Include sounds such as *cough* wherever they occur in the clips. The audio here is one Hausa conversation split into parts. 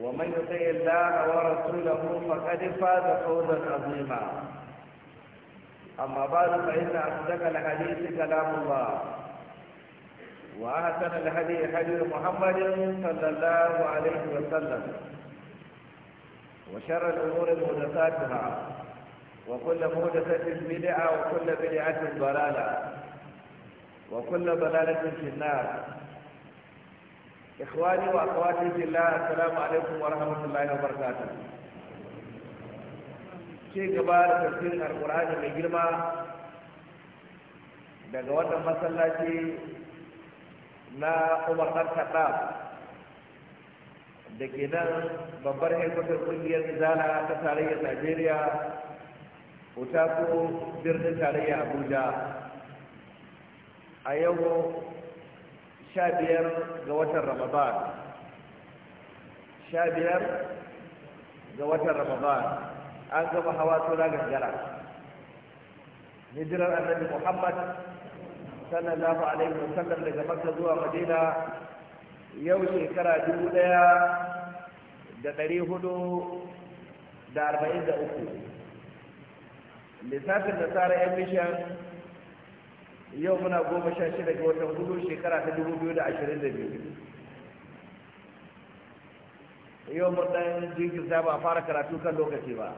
ومن يطع الله ورسوله فقد فاز فوزا عظيما اما بعد فان اصدق الحديث كلام الله واحسن الهدي هدي محمد صلى الله عليه وسلم وشر الامور محدثاتها وكل محدثه بدعه وكل بدعه ضلاله وكل ضلاله في النار ikhwani wa akhwati fillah assalamu alaikum wa rahmatullahi wa barakatuh ce gaba da tafsirin alqur'ani mai girma daga wannan masallaci na Umar dan da ke nan babbar haikutar kungiyar izala ta tarayyar Najeriya ko birnin tarayyar Abuja a yau sha biyar ga watan ramadan sha ga watan ramadan an gama hawa tura gangara hijirar annabi muhammad sallallahu alaihi wasallam daga makka zuwa madina yau shekara dubu daya da ɗari hudu da arba'in da uku lissafin da tsara yan mishan yau muna goma sha shida ga watan hudu shekara ta dubu biyu da ashirin da biyu yau mun jirgin jinkirta ba fara karatu kan lokaci ba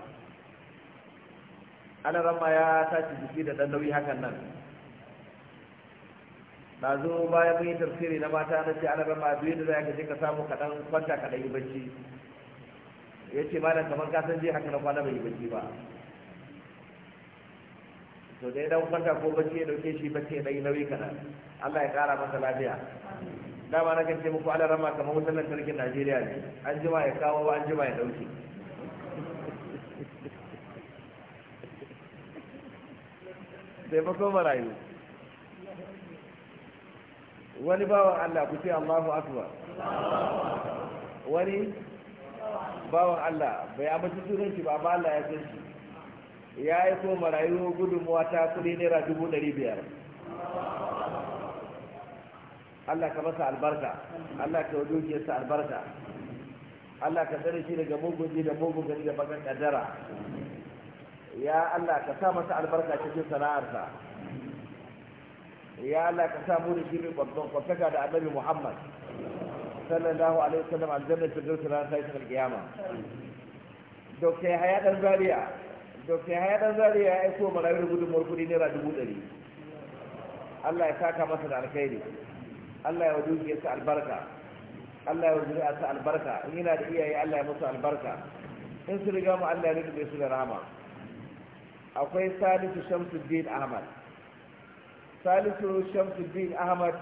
ana rama ya tashi jiki da ɗan nauyi hakan nan na zo bayan mun yi tafsiri na mata na ce ana rama biyu da za ka je ka samu kaɗan kwanta kaɗan yi bacci ya ce da kamar ka san je haka na kwana bai yi bacci ba to dai dan kwanta ko bacci ya dauke shi bacci ya dai nauyi kana Allah ya kara masa lafiya dama na kan muku Allah rama kamar wutar lantarkin Najeriya ne an jima ya kawo an jima ya dauke ko marayu wani bawan Allah ku ce Allahu akbar wani bawan Allah bai amince shi ba ba Allah ya san shi ya yi so marayu gudunmuwa ta kudi naira dubu ɗari biyar Allah ka masa albarka Allah ka wa dukiyarsa albarka Allah ka tsare shi daga mugun ji da mugun gani da bakan kadara ya Allah ka sa masa albarka cikin sana'arsa ya Allah ka sa muni da shi babban kwafaka da annabi Muhammad sallallahu alaihi wasallam aljanna ta dauka ranar ta alkiyama dokta ya haya dan zaria dr haya dan zari ya aiko marayar gudunmuwar kudi naira dubu ɗari allah ya saka masa da alkhairi allah ya wajen ya sa albarka allah ya wajen ya sa albarka in yana da iyaye allah ya musu albarka in su riga mu allah ya rike su da rahama akwai salisu shamsuddin ahmad salisu shamsuddin ahmad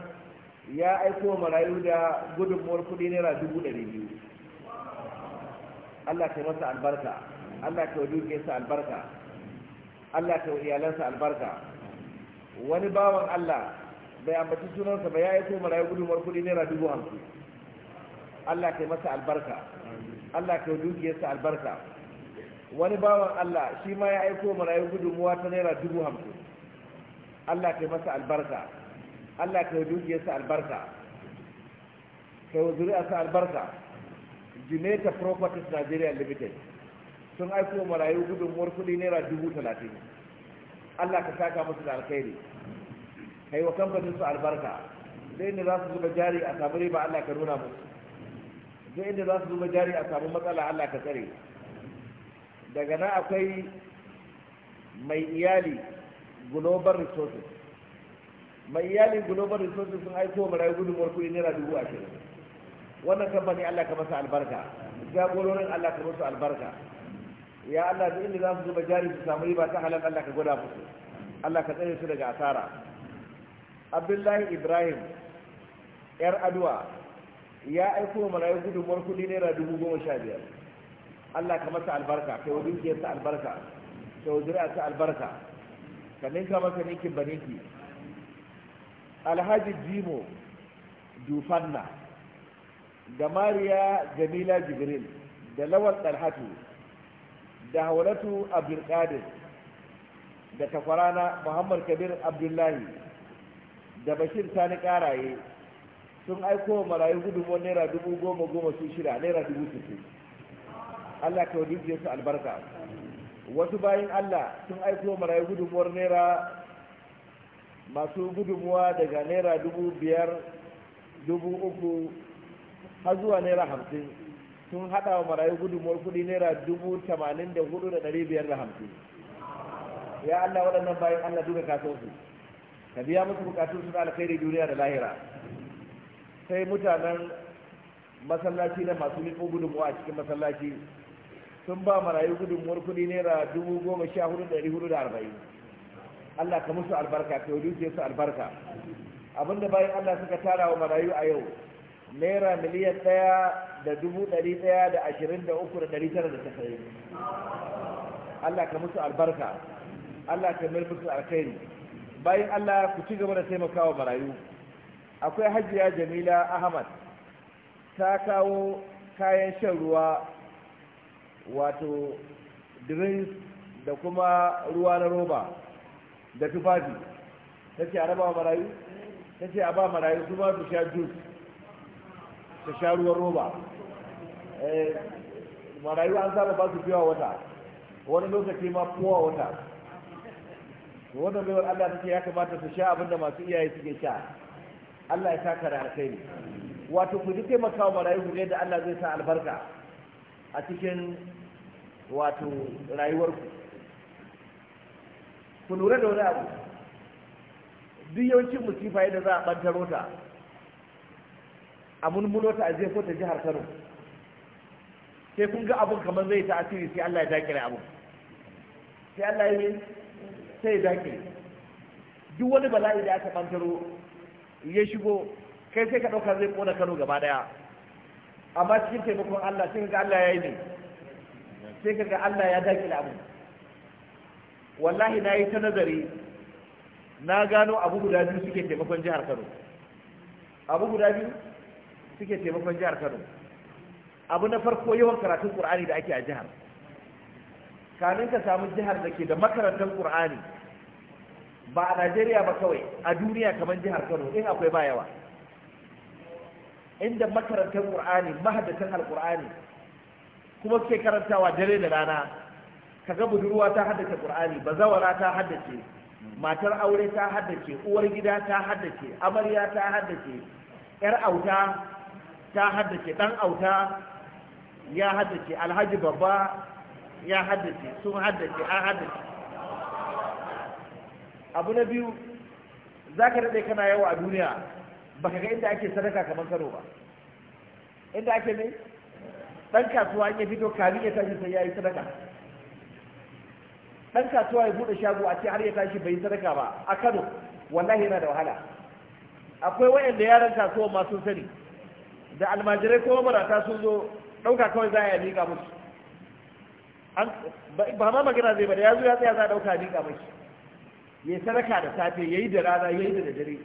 ya aiko marayu da gudunmuwar kuɗi naira dubu ɗari biyu allah ta masa albarka Allah ka duke sa albarka Allah ka iyalansa albarka wani bawan Allah bai ambaci sunansa ba ya yi so marayu gudunmar kuɗi naira dubu hamsin Allah ka masa albarka Allah ka dukiyarsa albarka wani bawan Allah shi ma ya aiko marayu gudunmuwa ta naira dubu hamsin Allah ka masa albarka Allah ka dukiyarsa albarka ka sa albarka Jamaica Properties Nigeria Limited sun aiko marayu gudunmuwar kuɗi naira dubu talatin allah ka saka musu da alkhairi kai wa kamfanin su albarka zai inda za su zuba jari a samu riba allah ka nuna musu zai inda za su zuba jari a samu matsala allah ka tsare daga nan akwai mai iyali global resources mai iyali global resources sun aiko marayu gudunmuwar kuɗi naira dubu ashirin wannan kamfani allah ka masa albarka jagororin allah ka masa albarka ya Allah duk inda za su zuba jari su samu riba ta halal Allah ka gwada musu Allah ka tsare su daga asara Abdullahi Ibrahim yar adwa ya aiko marayu gudunmuwar kudi naira dubu goma sha biyar Allah ka masa albarka kai wa dukiyarsa albarka kai wa albarka ka ninka masa ninkin baninki Alhaji Jimo Dufanna da Mariya Jamila Jibril da Lawal Dalhatu da hawalatu abdulkadir da tafarana muhammad kabir abdullahi da bashir sani karaye sun aiko marayu gudunmuwar naira dubu goma goma su shida naira dubu sittin allah ka wadda su albarka wasu bayan allah sun aiko marayu gudunmuwar naira masu gudunmuwa daga naira dubu biyar dubu uku har zuwa naira hamsin sun hada wa marayu gudunmuwar kuɗi naira dubu tamanin da hudu da ɗari biyar da hamsin ya Allah waɗannan bayan Allah duka kaso su ka biya musu bukatun su na alkhairi duniya da lahira sai mutanen masallaci na masu liƙo gudunmuwa a cikin masallaci sun ba marayu gudunmuwar kuɗi naira dubu goma sha hudu da ɗari hudu da arba'in Allah ka musu albarka ka yi su albarka abinda bayan Allah suka tara wa marayu a yau naira miliyan ɗaya da dubu ɗari ɗaya da ashirin da uku da ɗari tara da tafayi Allah ka musu albarka Allah ka mai musu alkhairi bayan Allah ku ci gaba da taimakawa marayu akwai hajiya jamila ahmad ta kawo kayan shan ruwa wato drinks da kuma ruwa na roba da tufafi ta ce a raba marayu ta ce a ba marayu kuma su sha juice ta sha ruwan roba eh, marayu an saba ba su a wata wani lokaci ma kowa wata wannan baiwar Allah take ya kamata su sha abinda masu iyaye suke sha Allah ya saka da ne wato ku ji kawo marayu ku da Allah zai sa albarka a cikin wato rayuwarku ku lura da wani abu duk yawancin musifa yadda za a ɓantaro ta a mulmulo ta a jefo ta jihar Kano sai kun ga abun kamar zai ta asiri sai Allah ya dakire abu sai Allah ya sai ya dakire duk wani bala'i da aka kantaro ya shigo kai sai ka ɗauka zai ƙona Kano gaba ɗaya amma cikin taimakon Allah sai ga Allah ya yi ne sai ga Allah ya dakile abu wallahi na yi ta nazari na gano abu guda biyu suke taimakon jihar Kano abu guda biyu suke taimakon jihar kano abu na farko yawan karatun ƙur'ani da ake a jihar kanin ka samu jihar da ke da makarantar ƙur'ani ba a najeriya ba kawai a duniya kamar jihar kano in akwai ba yawa inda makarantar ƙur'ani mahaddatan alƙur'ani kuma suke karantawa dare da rana kaga budurwa ta haddace ƙur'ani bazawara ta haddace matar aure ta haddace uwar gida ta haddace amarya ta haddace yar auta ta haddace ɗan auta ya haddace alhaji babba ya haddace sun haddace an haddace abu na biyu za ka daɗe kana yawa a duniya ba ka ga inda ake sadaka kamar kano ba inda ake ne ɗan kasuwa ya fito kari ya tashi sai ya yi sadaka ɗan kasuwa ya buɗe shago a ce har ya tashi bai yi sadaka ba a kano wallahi yana da wahala akwai waɗanda yaran kasuwa masu sani da almajirai kuma marata sun zo ɗauka kawai za a yi miƙa musu ba ma magana zai ba da ya zo ya tsaya za a ɗauka miƙa mai ya sadaka da safe ya yi da rana ya yi da dare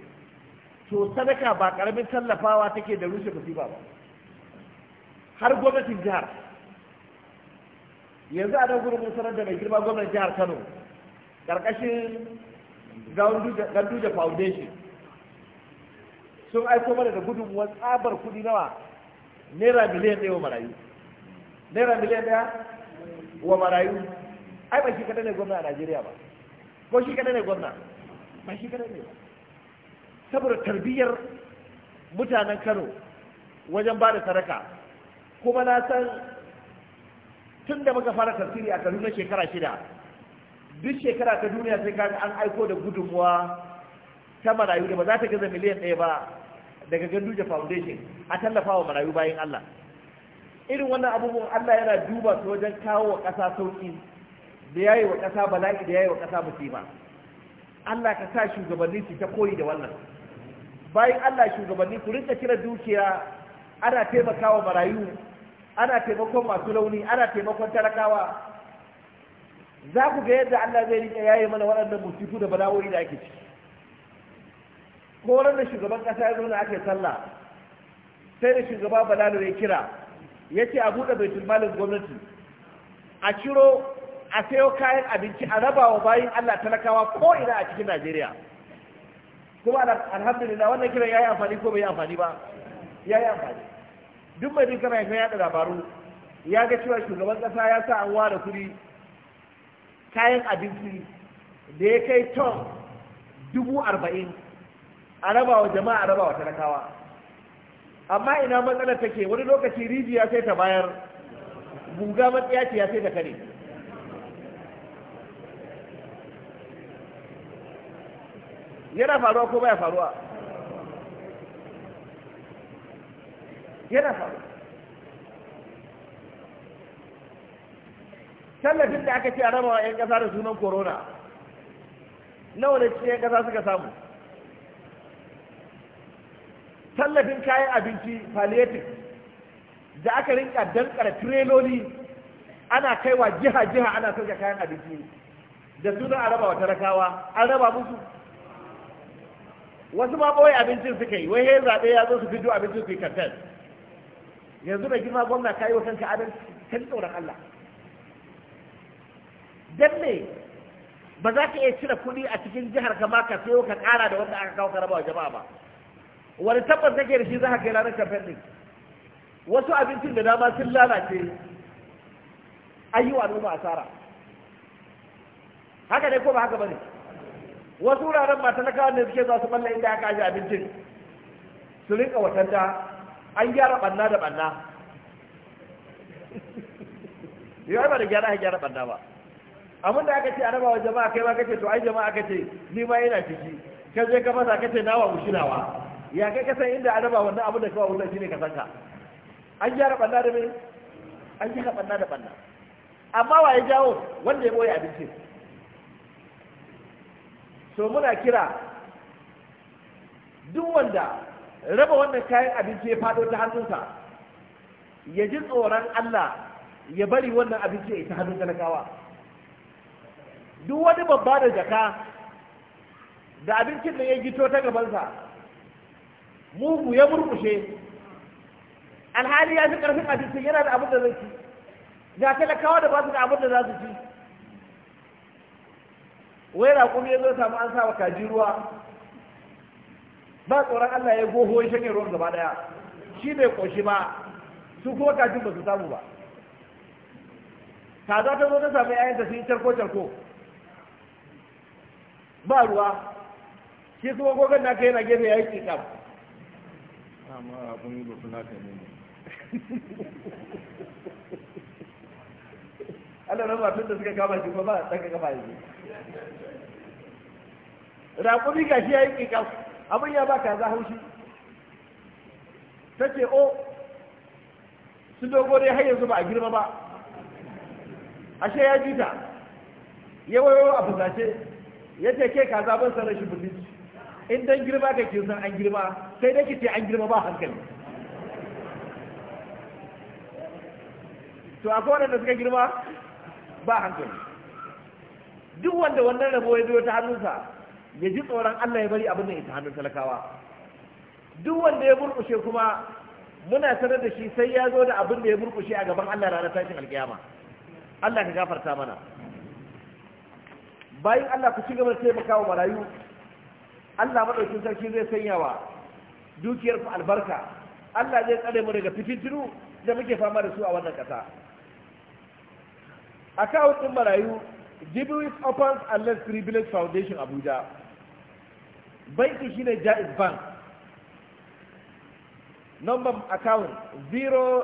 to sadaka ba ƙaramin tallafawa take da rushe musiba ba har gwamnatin jihar yanzu a nan gurin sanar da mai girma gwamnan jihar kano ƙarƙashin da foundation sun aiko mana da gudunmuwar tsabar kuɗi nawa naira miliyan ɗaya wa marayu naira miliyan ɗaya wa marayu ai ba shi kaɗai ne gwamna a najeriya ba ko shi kaɗai ne gwamna ba shi kaɗai ne ba saboda tarbiyyar mutanen kano wajen ba da sadaka kuma na san tun da muka fara tasiri a kaduna shekara shida duk shekara ta duniya sai kaga an aiko da gudunmuwa ta marayu da ba za ta gaza miliyan ɗaya ba daga Ganduje Foundation a tallafa wa marayu bayan Allah irin wannan abubuwan Allah yana duba su wajen kawo wa ƙasa sauƙi da yayi wa ƙasa bala'i da yayi wa ƙasa musiba Allah ka sa shugabanni su ta koyi da wannan bayan Allah shugabanni ku rinka kiran dukiya ana taimakawa marayu ana taimakon masu launi, ana taimakon talakawa za ku ga yadda Allah zai rinka yaye mana waɗannan musifu da bala'o'i da ake ciki ko da shugaban kasa ya zauna ake sallah sai da shugaba balalo ya kira ya ce a buɗe baitul malin gwamnati a ciro a sayo kayan abinci a raba wa bayin allah talakawa ko ina a cikin najeriya kuma alhamdulillah wannan kiran ya yi amfani ko bai yi amfani ba ya yi amfani duk mai mai kana yada labaru ya ga cewa shugaban kasa ya sa an ware kuɗi kayan abinci da ya kai ton dubu arba'in a raba wa jama'a a raba wa talakawa amma ina matsalar take wani lokaci rijiya sai ta bayar guga ya sai ta kare yana faruwa ko baya faruwa yana faruwa tallafin da aka ce a raba wa 'yan kasa da sunan corona nawa da cikin 'yan ƙasa suka samu tallafin kayan abinci palliative da aka rinka dankara tireloli ana kaiwa jiha-jiha ana sauke kayan abinci da sunan araba wa talakawa an raba musu wasu ma ɓoye abincin suka yi wai ya zaɓe ya zo su fito abincin su yi kantar yanzu da girma gwamna ka yi wa kanka adalci kan tsoron Allah dan ne ba za ka iya cire kuɗi a cikin jihar ka ma ka sayo ka ƙara da wanda aka kawo ka raba wa jama'a ba wani tabbas nake da shi za ka kai ranar kamfen ɗin wasu abincin da dama sun lalace an yi wa noma asara haka ne ko ba haka ba ne wasu wuraren ba talakawa ne suke za su ɓalla inda aka ajiye abincin su rinka watanta an gyara ɓanna da ɓanna. *laughs* yau ba da gyara ha gyara ɓanna ba abin da aka ce a rabawa jama'a kai ma kace to ai jama'a kace ni ma yana ciki ka je ka fasa kace nawa mushinawa ya kai kasan inda a raba wannan abu da kawai wannan shine ka sanka an gyara banna da mini an gyara banna da banna amma wa ya jawo wanda ya boye abinci so muna kira duk wanda raba wannan kayan abinci ya fado ta hannunsa ya ji tsoron Allah ya bari wannan abinci ya ta hannun talakawa duk wani babba da jaka da abincin da ya gito ta gabansa mugu ya murkushe alhali ya fi karfin abincin yana da abin da zai ci ga talakawa da ba su da abin da za su ci wai raƙumi ya zo samu an sawa kaji ruwa ba tsoron Allah ya goho ya shanye ruwan gaba daya shi bai koshi ba su kuma kajin ba su samu ba kaza ta zo ta sami ayanta sun yi carko carko ba ruwa shi kuma gogon na kai na gefe ya yi kikam àmọ́ àbúrú ló fún láti ẹ̀mí mi. Allah rama tun da suka kama shi ba a tsaka kama yanzu. Raƙumi ga shi ya yi ƙiƙa abin ya ba kaza haushi. Ta ce o oh, sun dogo dai har yanzu ba a girma ba. Ashe ya ji ta. Ya wayo a fusace ya ce ke kaza ban sanar shi bulici. in dan girma ka ke san an girma sai dai ce an girma ba hankali to akwai da suka girma ba hankali duk wanda wannan rabo ya zo ta hannunsa ya ji tsoron Allah ya bari abin da ita hannun talakawa duk wanda ya burkushe kuma muna sanar da shi sai ya zo da abin da ya burkushe a gaban Allah ranar tashin alkiyama Allah ka gafarta mana bayan Allah ku ci gaba da wa marayu Allah madaukin sarki zai sanya wa dukiyar ku albarka Allah zai tsare mu daga fitintunu da muke fama da su a wannan ƙasa account ɗin marayu Jibiris Opens and let's rebuild Foundation Abuja banki shine Jaiz Bank number account 000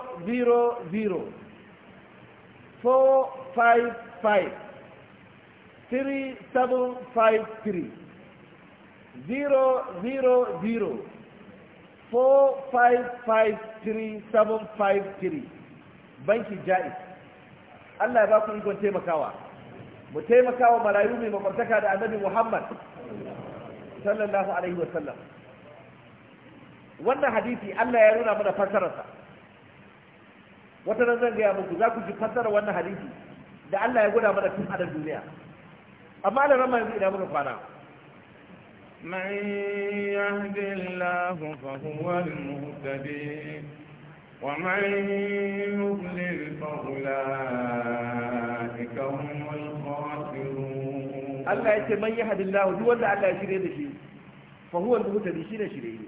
455 3753 Zero, zero, zero, four, five, five, three, seven, five, three. banki jaiz Allah ya ba ku ikon taimakawa mu taimakawa marayu mai makwabtaka da annabi Muhammad sallallahu alaihi wa sallam wannan hadisi Allah ya nuna mana fasararsa wata nan zan gaya muku za ku ji fasarar wannan hadisi da Allah ya gwada mana tun a duniya amma da rama yanzu ina muka kwana Mai yanzu yalahi fahimwar murtali, wa mai yi Allah ya man yi hadillahu. Duk wanda Allah ya shirya da shi, fa'uwanni murtali shi ne shirya ne.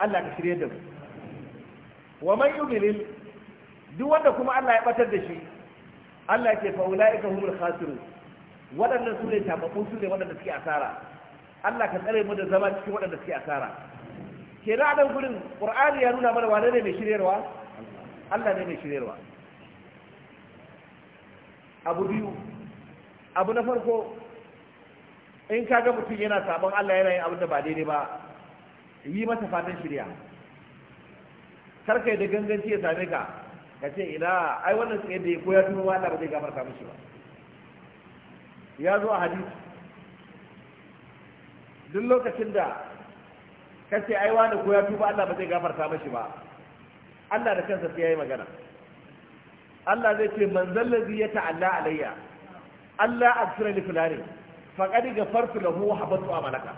Allah ya shirya da mu. Wa mai umilin, duk wanda kuma Allah ya ɓatar da shi, Allah ya ce fa'ulani kan waɗannan su ne tababbun su ne waɗanda suke asara Allah ka tsare mu da zama cikin waɗanda suke asara ke na adam gudun qur'ani ya nuna mana wane ne mai shiryarwa Allah ne mai shiryarwa abu biyu abu na farko in ka ga mutum yana sabon Allah yana yin abin da ba daidai ba yi masa fatan shirya karka da ganganci ya same ka ka ce ina ai wannan tsaye da ya koya tuno Allah ba zai gafarta mishi ba ya zo a hadisi duk lokacin da kace ai wani ko ya tuba Allah ba zai gafarta mashi ba Allah da kansa sai yayi magana Allah zai ce man zallazi ya ta'alla alayya Allah aghfira li fulani faqad ghafartu lahu wa habatu amalaka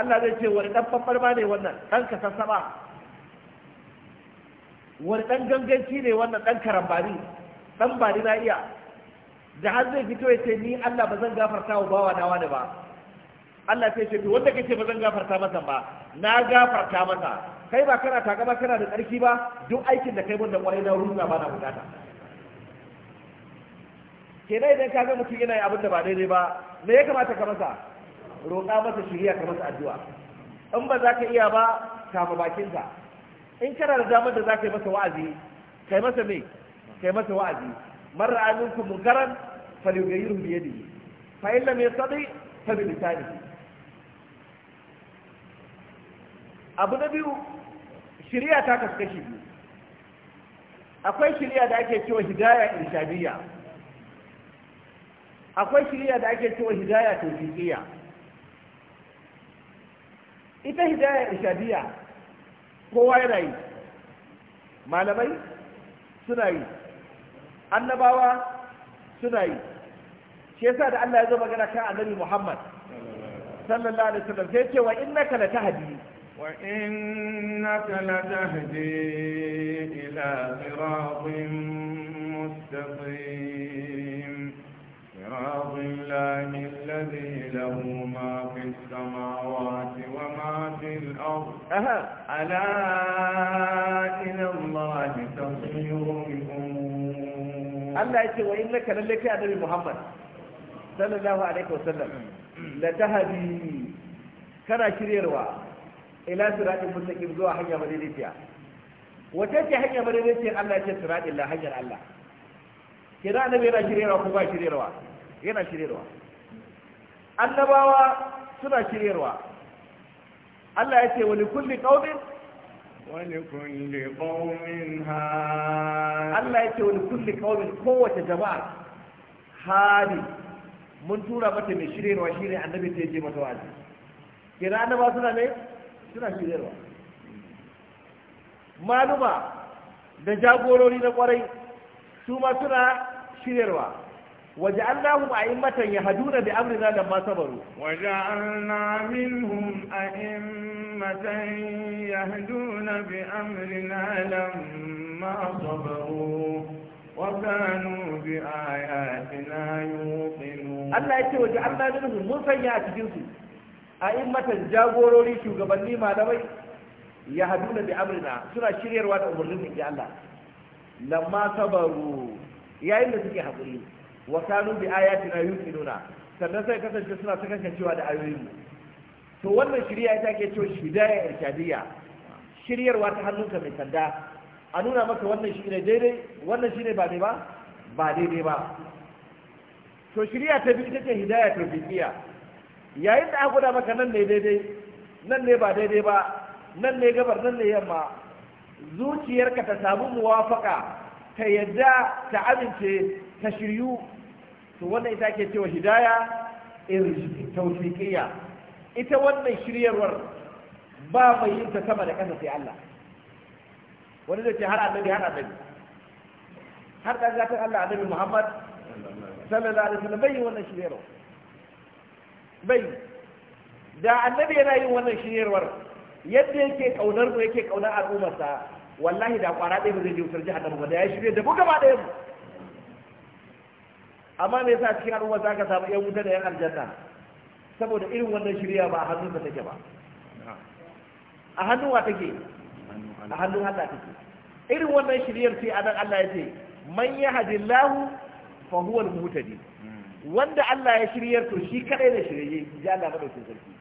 Allah zai ce wani dan babbar ma ne wannan dan ka sassaba wani dan ganganci ne wannan dan karambari dan bari na iya da har zai fito ya ce ni Allah ba zan gafarta wa bawa na wani ba Allah sai ce wanda kace ba zan gafarta masa ba na gafarta masa kai ba kana takama kana da tsarki ba duk aikin da kai mun da kwarai na ruwa ba na bukata kenan idan ka ga mutum yana abin da ba daidai ba me ya kamata ka masa roƙa masa shiriya ka masa addu'a in ba za ka iya ba kama bakinka in kana da damar da za ka yi masa wa'azi kai masa me kai masa wa'azi man ra'a minkum munkaran falyughayyirhu bi yadihi fa in lam yastati fa bi lisanihi abu na biyu shari'a ta kaskashi akwai shari'a da ake cewa hidaya irshadiyya akwai shari'a da ake cewa hidaya tawfiqiyya ita hidaya irshadiyya kowa yana yi malamai suna yi annabawa suna yi shi yasa da Allah ya zo magana kan annabi Muhammad sallallahu alaihi wasallam sai ce wa innaka latahdi wa innaka latahdi ila siratin mustaqim صراط الله الذي له ما في السماوات وما في الأرض ألا إلى الله تصير الأمور Allah ya ce wa inna ka lalle kai annabi Muhammad sallallahu alaihi wasallam la tahdi kana shiryarwa ila siratin mustaqim zuwa hanya madaidaiciya wace ce hanya madaidaiciya Allah ya ce siratin la hanyar Allah kira annabi yana shiryarwa ko ba shiryarwa yana shiryarwa annabawa suna shiryarwa Allah ya ce wa likulli qaumin Allah ya ce wani يتي ولكل kowace jama'a جماعة mun tura mata mai shiryarwa shi ne annabi ta je mata wa'azi kira annaba suna ne suna wa. maluma da jagorori na kwarai su ma suna wa. وجعلناهم أئمة يهدون بأمرنا لما صبروا وجعلنا منهم أئمة يهدون بأمرنا لما صبروا وكانوا بآياتنا يوقنون الله يتي وجعلنا منهم مسيئات جنسي أئمة جاغوروري شوغبني ما دمي يهدون بأمرنا سنة شرير وانا أمرهم إن الله لما صبروا يا إلا تجي حقرين wa kanu bi na yuqinuna sannan sai kasance suna ta cewa da ayoyin mu to wannan shirya ita ke cewa shidaya irshadiyya shiryarwa ta hannunka mai sanda a nuna maka wannan shi ne daidai wannan shi ne ba dai ba ba daidai ba to shirya ta biyu ita ce hidaya bibiya yayin da aka gwada maka nan ne daidai nan ne ba daidai ba nan ne gabar nan ne yamma zuciyarka ta samu muwafaka ta yadda ta amince ta shiryu to wannan ita ke cewa hidaya tawfiqiyya ita wannan shiryarwar ba mai yin ta sama da ƙasa sai Allah wani zai ce har annabi har annabi har da zatan Allah annabi Muhammad sallallahu alaihi wasallam bai wannan shiryarwar bai da annabi yana yin wannan shiryarwar yadda yake kaunar mu yake kaunar al'ummarsa wallahi da kwara ɗaya ba zai je wutar jahannama ba da ya shirya da mu gaba ɗaya mu amma me yasa cikin al'umma za ka samu 'yan wuta da 'yan aljanna saboda irin wannan shirya ba a hannun da take ba a hannun wa take a hannun Allah take irin wannan shiryar sai anan Allah ya ce man yahdillahu fa huwa al-muhtadi hmm. wanda Allah ya shiryar to shi kadai ne shirye ya Allah madaukin sarki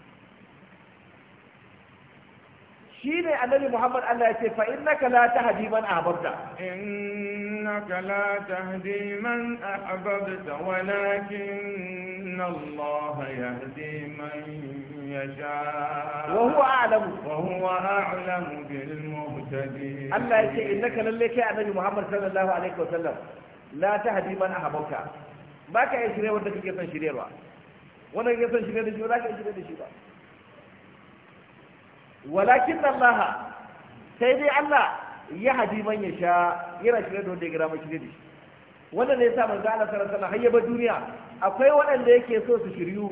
ne annabi Muhammad Allah ya ce fa innaka la tahdi man ahbabta innaka la tahdi man ahbabta walakin Allah yahdi man yasha wa huwa a'lamu wa huwa a'lamu bil muhtadin Allah ya ce innaka lalle kai annabi Muhammad sallallahu alaihi wa sallam la tahdi man ahbabta baka yi shirye wanda kake son shiryarwa wanda kake son shirye da shi ba za ka yi shirye da shi ba walakin Allah sai dai Allah ya hadi man ya sha yana shirye da wanda ya gara mashi ne wannan ne yasa manzo Allah sallallahu alaihi wasallam hayya duniya akwai waɗanda yake so su shiryu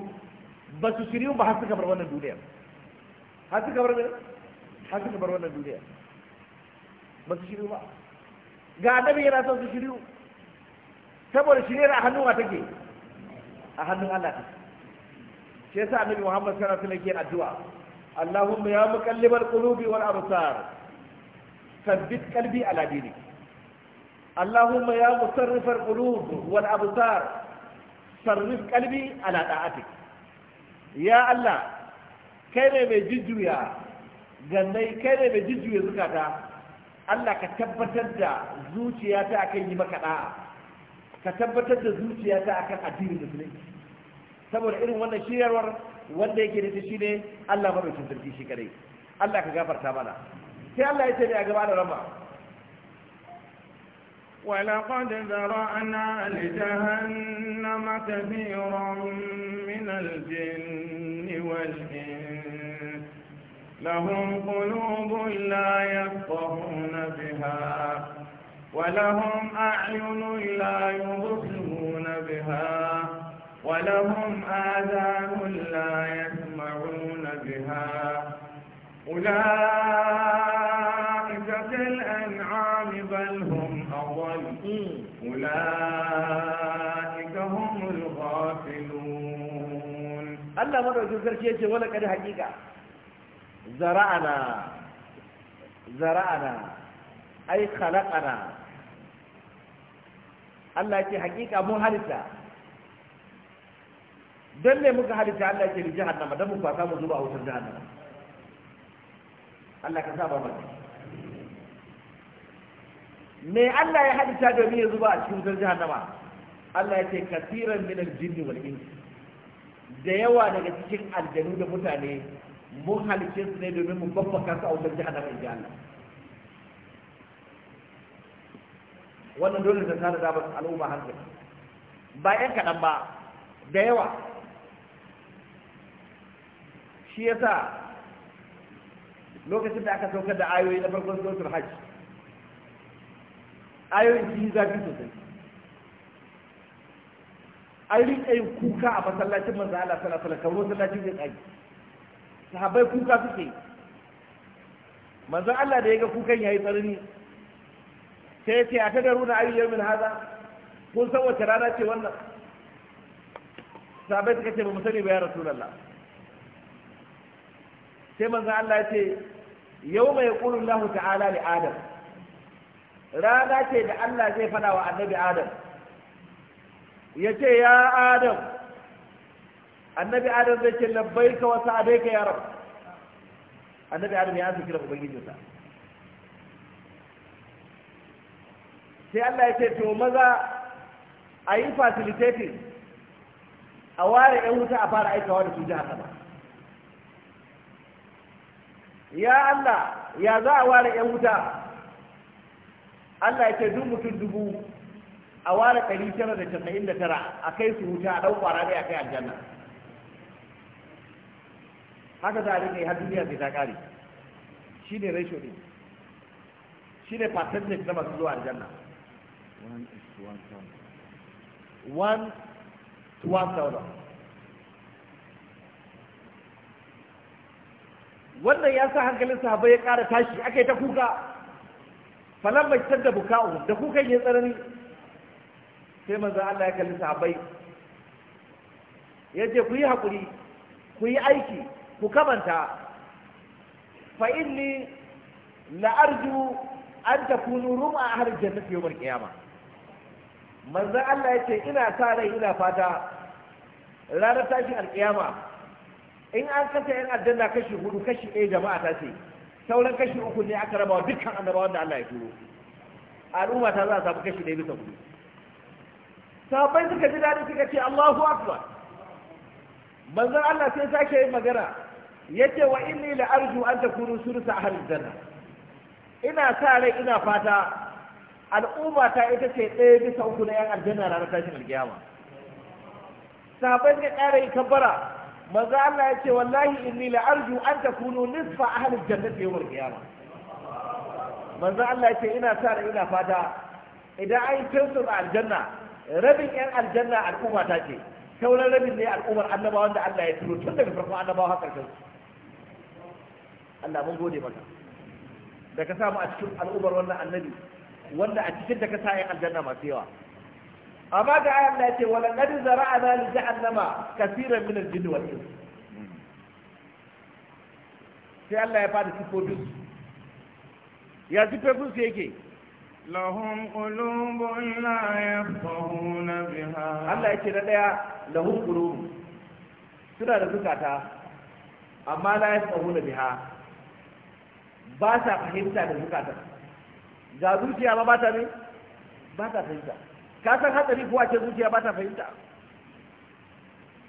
ba su shiryu ba har suka bar wannan duniya har suka bar har bar wannan duniya ba su shiryu ba ga annabi yana so su shiryu saboda shiryar a hannun wa take a hannun Allah take shi yasa annabi Muhammad sallallahu alaihi wasallam yake addu'a اللهم يا مقلب القلوب والأبصار ثبت قلبي على دينك اللهم يا مصرف القلوب والأبصار صرف قلبي على طاعتك يا الله كيف بجدو يا جنبي كيف بجدو يا زكاة Allah ka tabbatar da zuciyata akan yi maka da'a ka tabbatar da zuciyata akan addinin musulunci saboda irin wannan shiryarwar wanda yake shi shine Allah madaukin sarki shi kadai Allah ka gafarta mana sai Allah ya ce ne a gaba da rama ولقد ذرأنا لجهنم كثيرا من الجن والإنس لهم قلوب لا يفقهون بها ولهم أعين لا يبصرون بها ولهم آذان لا يسمعون بها أولئك في الأنعام بل هم أضل أولئك هم الغافلون الله مرة جزر كيجي ولا هذه حقيقة زرعنا زرعنا أي خلقنا الله يتي حقيقة مو هرسة don ne muka halitta Allah ke da jahannama don muka mu zuba a wutar jahannama Allah ka saba mana me Allah ya halitta domin ya zuba a cikin wutar jahannama Allah ya ce kasiran min al-jinn wal ins da yawa daga cikin aljanu da mutane mun halice su ne domin mu babbaka su a wutar jahannama in ji Allah wannan dole ta tare da al'umma hankali ba yan kaɗan ba da yawa shi ya sa lokacin da aka saukar da ayoyi na farkon sautar hajj ayoyin sun yi zafi sosai an riƙa yin kuka a masallacin manzo Allah sallallahu alaihi wasallam kamar masallacin zai tsaki sahabbai kuka suke yi manzo Allah da ya ga kukan yayi tsarini sai ya ce a ta garu na ayyar min haza kun san wace rana ce wannan sahabbai suka ce ba mu sani ba ya rasulullah sai manzon Allah ya ce yau mai yaqulu Allah ta'ala li Adam rana ce da Allah zai fada wa annabi Adam ya ce ya Adam annabi Adam zai ce ka wa sa'adaika ya rab annabi Adam ya amsa kiran ubangijinsa sai Allah ya ce to maza a yi facilitating a ware 'yan wuta a fara aikawa da su jihar sama ya Allah ya za a ware ‘yan wuta Allah ya ce duk mutum dubu a ware ɗari tara da casa'in da tara a kai su wuta a ɗau a ɗaya a kai aljanna haka za a rike har duniya sai ta ƙare shi ne ratio ne, shi ne percentage na masu zuwa aljanna one to one thousand wannan ya sa hankalin sahabbai ya ƙara tashi aka yi ta kuka falon mai tar da buka'u da kukan ya tsarari sai manzan Allah ya kalli sahabbai ya ce ku yi haƙuri ku yi aiki ku kamanta fa na la'arju an tafi rum a harin ahli jannati mai kiyama manzan Allah ya ce ina sa rai ina fata ranar tashin alƙiyama in an kasa yan aljanna kashi hudu kashi ɗaya jama'a ta ce sauran kashi uku ne aka raba wa dukkan annabawan da Allah ya turo al'umma ta za a samu kashi ɗaya bisa hudu sabai suka ji daɗi suka ce Allahu akbar manzon Allah sai sake yin magana yace wa inni la arju an takunu a ahlil janna ina sa rai ina fata al'umma ta ita ce ɗaya bisa uku na 'yan aljanna ranar tashin alkiyama sabai suka ƙara yi kabbara manzo Allah ya ce wallahi inni la arju an takunu nisfa ahli jannati yawm al-qiyama manzo Allah ya ce ina sa da ina fata idan ai tansu aljanna rabin yan aljanna al'umma ta ce sauran rabin ne al'ummar annabawan wanda Allah ya turo tun daga farkon annabawa har karshen Allah mun gode maka da ka samu a cikin al'ummar wannan annabi wanda a cikin da ka sa yan aljanna masu yawa amma ga ayan da yake wala zara'a zara'ana li jahannama kaseeran min al-jinni wal ins sai Allah ya fada sifofin ya sifofin su yake lahum qulubun la yafqahuna biha Allah yake da daya lahum qulub suna da zukata amma la yafqahuna biha ba sa fahimta da zukata ga zuciya ba ba ta ne ba ta fahimta ka san hatsari kuwa ce zuciya ba ta fahimta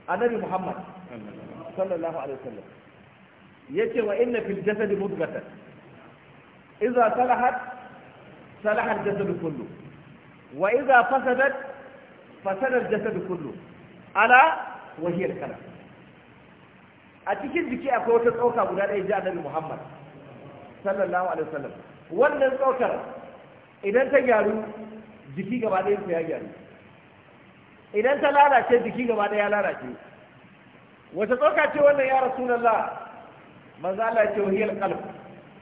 annabi muhammad sallallahu alaihi wasallam yace wa inna fil jasadi mudghatan idza salahat salaha al-jasad kullu wa idza fasadat fasada al-jasad kullu ala wa hiya al-qalb a cikin jiki akwai wata tsoka guda ɗaya ji annabi muhammad sallallahu alaihi wasallam wannan tsokar idan ta gyaru jiki gaba ɗaya ya gyaru idan ta lalace jiki gaba ɗaya ya lalace wata tsoka ce wannan ya la, manzo Allah ce wahiyar kalb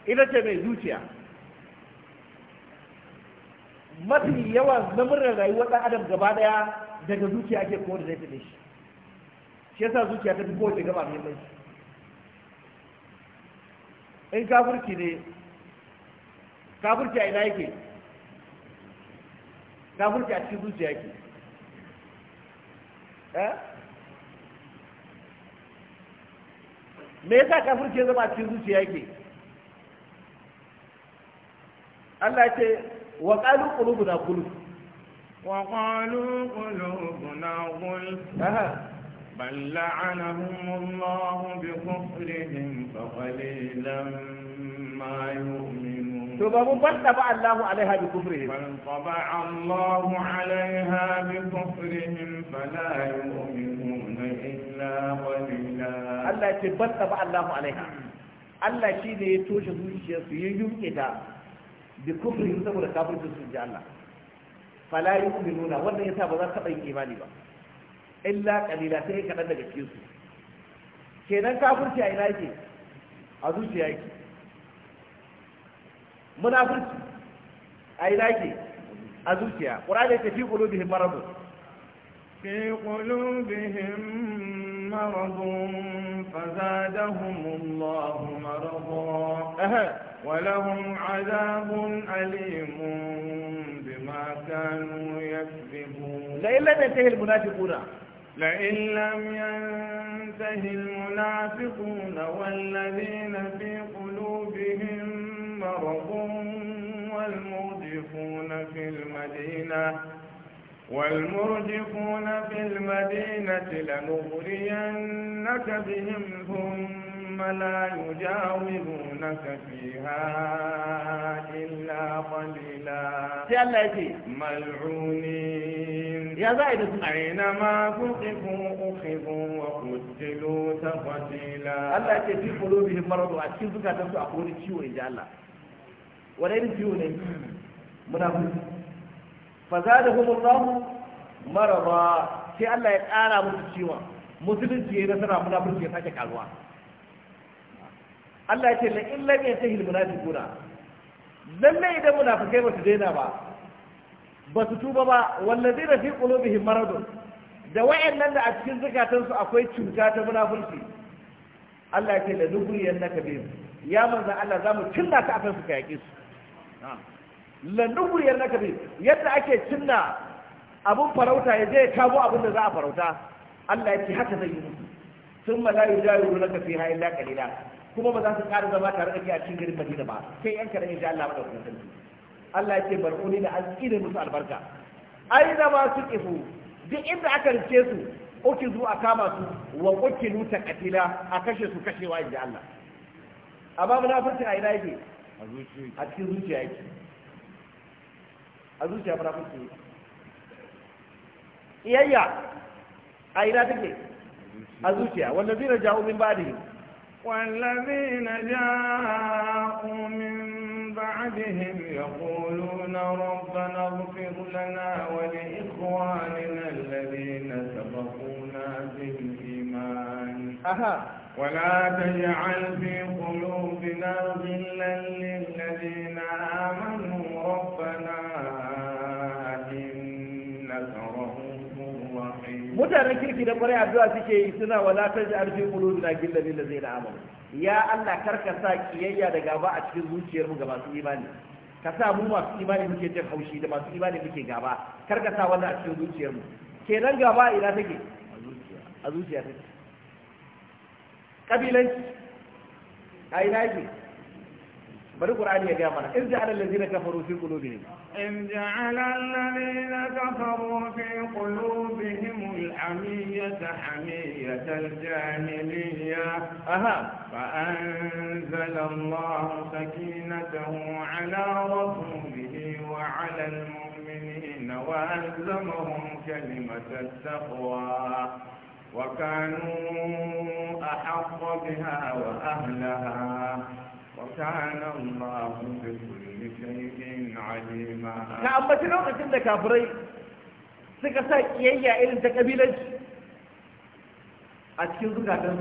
ita ce mai zuciya mafi yawan namurin rayuwar ɗan adam gaba ɗaya daga zuciya ake kowa da zai fi shi shi yasa zuciya ta fi kowace gaba muhimmanci in kafurki ne kafurki a ina yake kafirci a cikin zuciya ke eh? me yasa kafirci ya zama a cikin zuciya ke Allah ya ce wa qalu qulubuna qulub wa qalu qulubuna qulub بل لعنهم الله بكفرهم فقليلا ما يؤمنون to ba mun basta ba Allahu alaiha bi kufrihim man taba Allahu alaiha bi kufrihim fala yu'minuna illa qalila Allah ce basta ba Allahu alaiha Allah shi ne ya toshe zuciyarsu ya yunke ta bi kufrihim saboda kafirci sun ji Allah fala yu'minuna wannan yasa ba za su taɓa imani ba illa qalila sai kaɗan daga cikin su kenan kafirci a ina yake a zuciya yake munafurci a yi dake a zuciya ƙurare ta fi kulu bihin marabu fi kulu bihin marabu fazadahun lahu marabu walahun azabun alimun bi makanu ya fi bu la'ilai da ta yi munafi kura لئن لم ينته المنافقون والذين في قلوبهم مرض والمرجفون في المدينة والمرجفون في المدينة لنغرينك بهم ثم لا يجاورونك فيها إلا قليلا ملعونين يا زائد أينما ثقفوا أخذوا وقتلوا تقتيلا الله يتي في قلوبهم مرض وأكيد كتبت أقول شيء إن شاء الله wani irin ciwo ne munafiki fa zadahumullahu maraba sai Allah ya ƙara musu ciwon musulunci ya nasara munafurci ya sake karuwa Allah ya ce na illa min tahil munafiquna lalle idan munafikai ba su daina ba ba su tuba ba wallazina fi qulubihim maradun da wayannan da a cikin zakatansu akwai cuta ta munafurci Allah ya ce la nuhriyannaka bihim ya manzo Allah zamu killa ka akan su ka yaƙi su landun guriyar na kabi yadda ake cinna abun farauta ya je ya kamo abin da za a farauta Allah ya ce haka zai yi musu sun ma la yujawiru laka fiha hain qalila kuma ba za su ƙara zama tare da kai a cikin garin Madina ba sai yan kadan insha Allah da kuma sarki Allah ya ce barkuni da an da musu albarka da ma su kifu duk inda aka rike su uki zu a kama su wa ukilu katila a kashe su kashewa inda Allah amma munafiki a ina yake a cikin zuciya yake a zuciya munafurci yake iyayya a ina take a zuciya wanda zina ja'u min ba'dihim والذين جاءوا من بعدهم يقولون ربنا اغفر لنا ولإخواننا الذين سبقونا بالإيمان ولا تجعل في قلوبنا غلا للذين آمنوا ربنا إنك رؤوف رحيم mutanen kirki da kwarai addu'a suke yi suna wala taj'al fi qulubina ghillan lil ladzina amanu ya Allah karka sa kiyayya da gaba a cikin zuciyar mu ka sa mu masu imani muke jin haushi da masu imani muke gaba kar ka sa wannan a cikin zuciyarmu kenan gaba ina take a zuciya take kabilanci a ina yake bari qur'ani ya gaya mana in ja'ala allazina kafaru fi qulubihim in ja'ala allazina kafaru fi qulubihim al-amiyata hamiyata al-jahiliyya aha fa anzala Allah sakinatahu ala rasulihi wa ala al-mu'minina wa alzamahum kalimata at-taqwa وكانوا أحق بها وأهلها وكان الله بكل شيء عليما كأمة لوقت عندك أفري سكسا إيايا إلى تكبيلج أتكين زكاة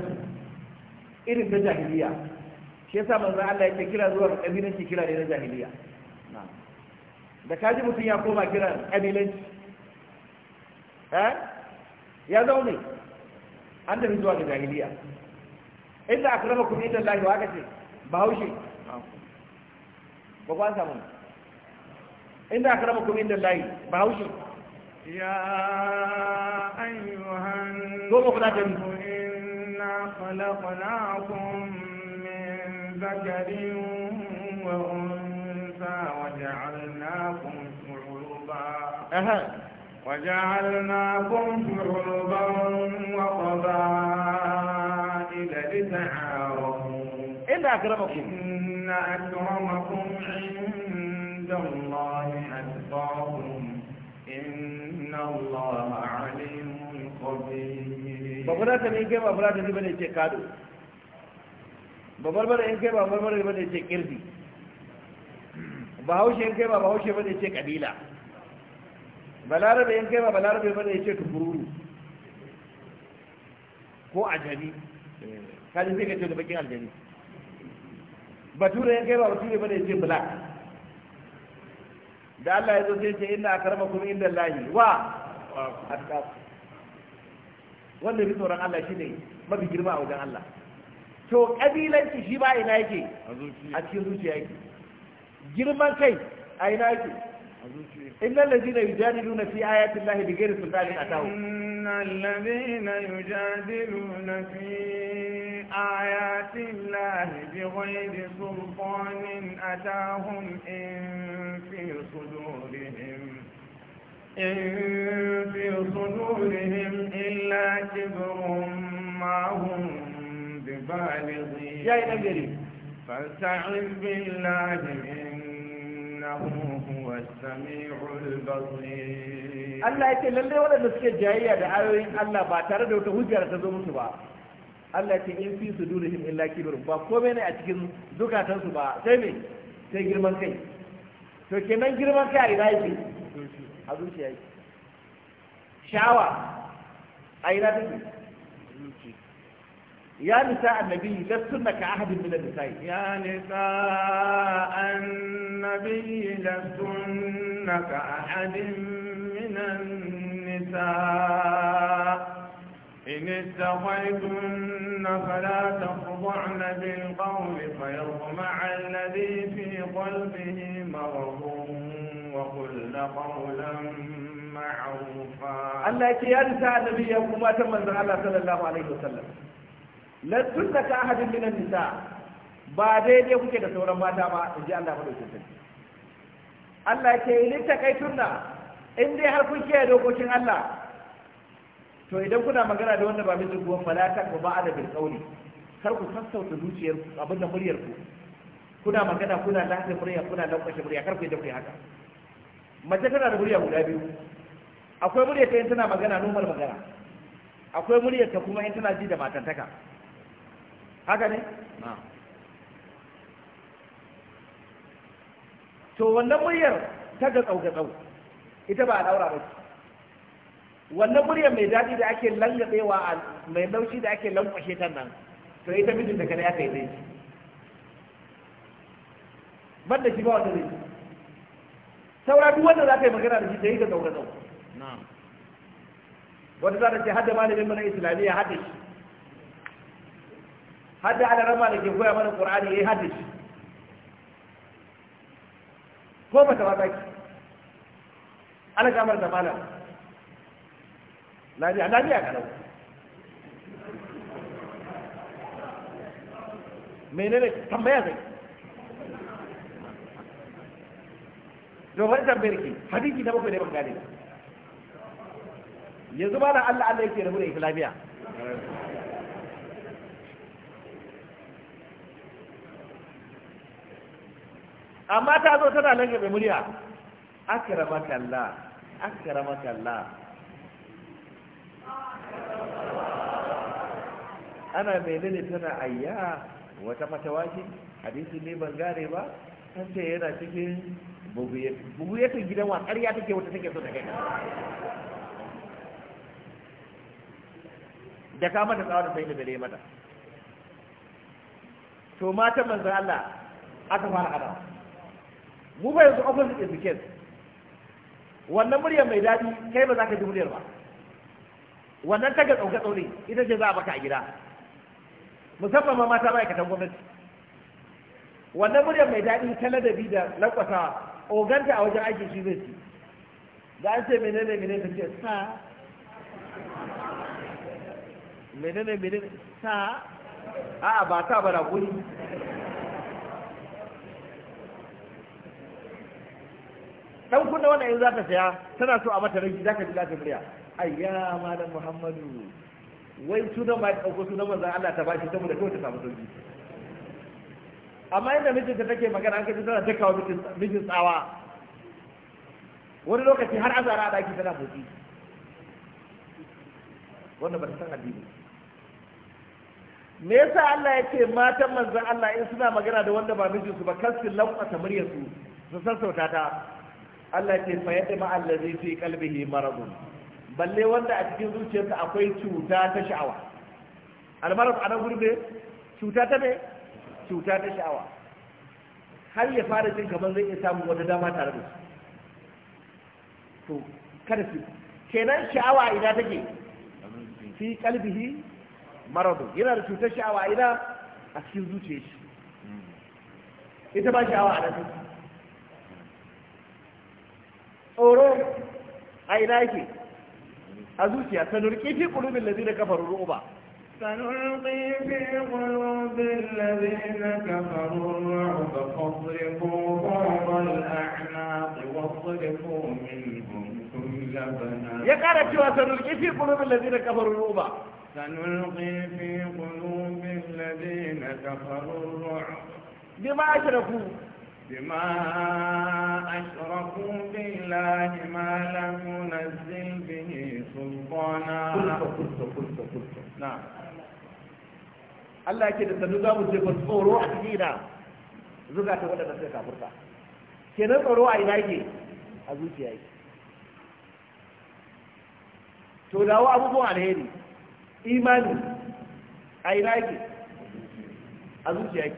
إلى الجاهلية shi yasa manzo Allah الله kira zuwa kabilanci kira ne na jahiliya da kaji mutum ya koma kiran kabilanci eh ya zaune an tafi zuwa ga jahiliya inda kuma inda lahi wa kace bahaushe ba ku an samu inda akramakum inda ba haushe ya ayyuhan ko ku da tafi inna khalaqnakum min zakarin wa unsa wa ja'alnakum shu'uban وجعلناكم شعوبا وقبائل لتعارفوا إن أكرمكم إن أكرمكم عند الله أتقاكم إن الله عليم خبير بقولات من كيف أفراد لبن يتكادو ببربر إن كيف أبربر لبن يتكردي bahaushe in kai ba bahaushe bane ce kabila balarabe in kai ba balarabe bane ya ce tukuru ko ajali kalin zai kace da bakin aljani bature in kai ba bature bane ya ce black da Allah ya zo sai ce inna akramakum inda lahi wa atqakum wanda bi tsoron Allah shi ne mafi girma a wajen Allah to kabilanci shi ba ina yake a cikin zuciya yake girman kai a ina yake إن الذين يجادلون في آيات الله بغير سلطان أتاهم إن الذين يجادلون في آيات الله بغير سلطان أتاهم إن في صدورهم إن في صدورهم إلا كبر ما هم ببالغين يا فاستعذ بالله إن Allah ya ce lalle waɗanda suke jayayya da ayoyin Allah ba tare da wata hujjar ta zo musu ba Allah ya ce in fi su durihim illa kibir ba komai ne a cikin zukatansu ba sai ne sai girman kai to kenan girman kai a ina yake a zuciya yake shawa a ina take يا نساء النبي لستن كأحد من النساء يا نساء النبي لستن كأحد من النساء إن اتقيتن فلا تخضعن بالقول فيطمع الذي في قلبه مرض وقلن قولا معروفا الله يا نساء النبي يا كما تم الله صلى الله عليه وسلم lantun da ka ahadin minan nisa ba daidai kuke da sauran mata ba in ji Allah madaukin sarki Allah ke yi tunna in dai har kun kiyaye dokokin Allah to idan kuna magana da wanda ba miji kuwa fala ko ba adabin bilkauli kar ku sassauta zuciyar ku abin da muryar ku kuna magana kuna lafiya murya kuna lankwashe murya kar ku yi da haka mace tana da murya guda biyu akwai murya ta yin tana magana normal magana akwai murya ta kuma yin tana ji da matantaka haka ne to wannan muryar ta ga tsau ita ba a daura ba wannan muryar mai daɗi da ake langatsewa mai laushi da ake lankwashe ta nan to ita mijin da kada ya kai dai ban da shi ba wata zai saura duk wanda za ka yi magana da shi ta yi ga tsau ga tsau wanda za ta ce hadda malamin mana islamiyya hadda shi hadda ala rama da ke koya mana qur'ani yayi hadis ko ba ta ba ki ala gamar da malam lafiya lafiya kalau menene tambaya zai domin tambayar ki hadisi na bakwai ne ban gane yanzu ba da Allah Allah yake rubuta da islamiya amma ta zo tana lagabe murya akrama kallah akrama kalla ana menene tana ayya wata fatawa hadisi ne ban gane ba kan ce yana cikin buguyatun gidan wa ƙarya take wata take so ta kai da ka mata tsawon sai da dare mata to mata manzan Allah aka fara adawa mu ba yanzu opposite is the case wannan muryar mai daɗi kai ba za ka ji muryar ba wannan taga tsauka tsaune ita ce za a baka a gida musamman ma mata ma'aikatan gwamnati wannan muryar mai daɗi ta ladabi da lakwasa oganta a wajen aikin shi zai ci da an ce menene menene ta ce sa menene menene sa a'a ba sa ba na guri dan kunna wannan yanzu zaka saya tana so a mata rage zaka ji zaka murya ayya malam muhammadu wai sunan mai ta dauko da manzon Allah ta bashi saboda kawai ta samu sauki amma inda mijinta take magana an kaji tana takawa mijin tsawa wani lokaci har azara a daki tana motsi wanda ba ta san addini me yasa Allah ya ce matan manzon Allah in suna magana da wanda ba mijinsu ba kar su ta muryarsu su sassauta ta Allah ce fa yadda allazi fi kalbihi maradun balle wanda a cikin zuciyarsa akwai cuta ta sha'awa almarad a nan gurbe cuta ta me cuta ta sha'awa har ya fara jin kamar zai iya samun wata dama tare da su to kada su kenan sha'awa ina take fi kalbihi maradun yana da cutar sha'awa ina a cikin zuciyarsa. ita ba sha'awa a cikin a ina yake a zuciya ta nurki fi kulubin lazi da kafar ruru ba ya kara cewa ta nurki fi kulubin lazi da kafar ruru ba sanulqi fi kulubin lazi da kafa ruru ba bi ma بما أشركوا بالله ما لم ينزل به سلطانا قلت قلت قلت نعم Allah ke da sannu za mu je ba tsoro a jina zuga ta wadanda suka kafurta kenan tsoro a ina ke a zuciya yake to dawo abubuwan alheri imani a ina ke a zuciya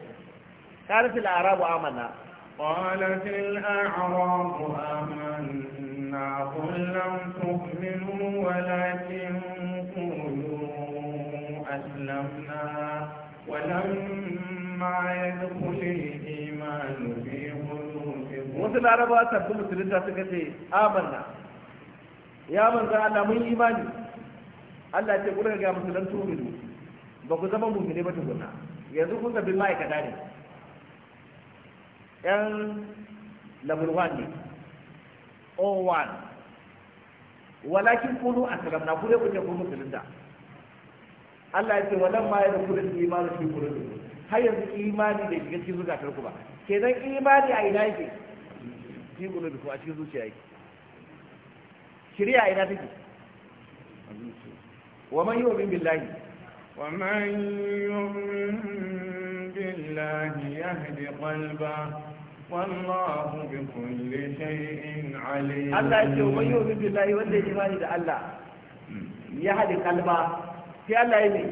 الأعراب آمنا قالت الأعراب آمنا قل لم تؤمنوا ولكن قولوا أسلمنا ولما يدخل الإيمان في قلوبكم wasu laraba sabbin musulunta suka ce amanna ya manzo Allah من إيمان Allah ce ku ga musulun mu ba ku zama mummune ba tukuna yanzu kun ga bin ma'aikata ne yan level 1 ne o 1 walakin kunu sagam na kure kuje kun da Allah ya ce walan ma ya kure imani shi kure har yanzu imani da shiga cikin zuciya ku ba kenan imani a ina yake fi kure ku a cikin zuciya yake shari'a a ina take wa man yu'min billahi wa man yu'min billahi yahdi قلبه wallahu bi kulli shay'in alim Allah ya ce wa yu'minu billahi wanda ya imani da Allah ya haɗe kalba sai Allah ya ne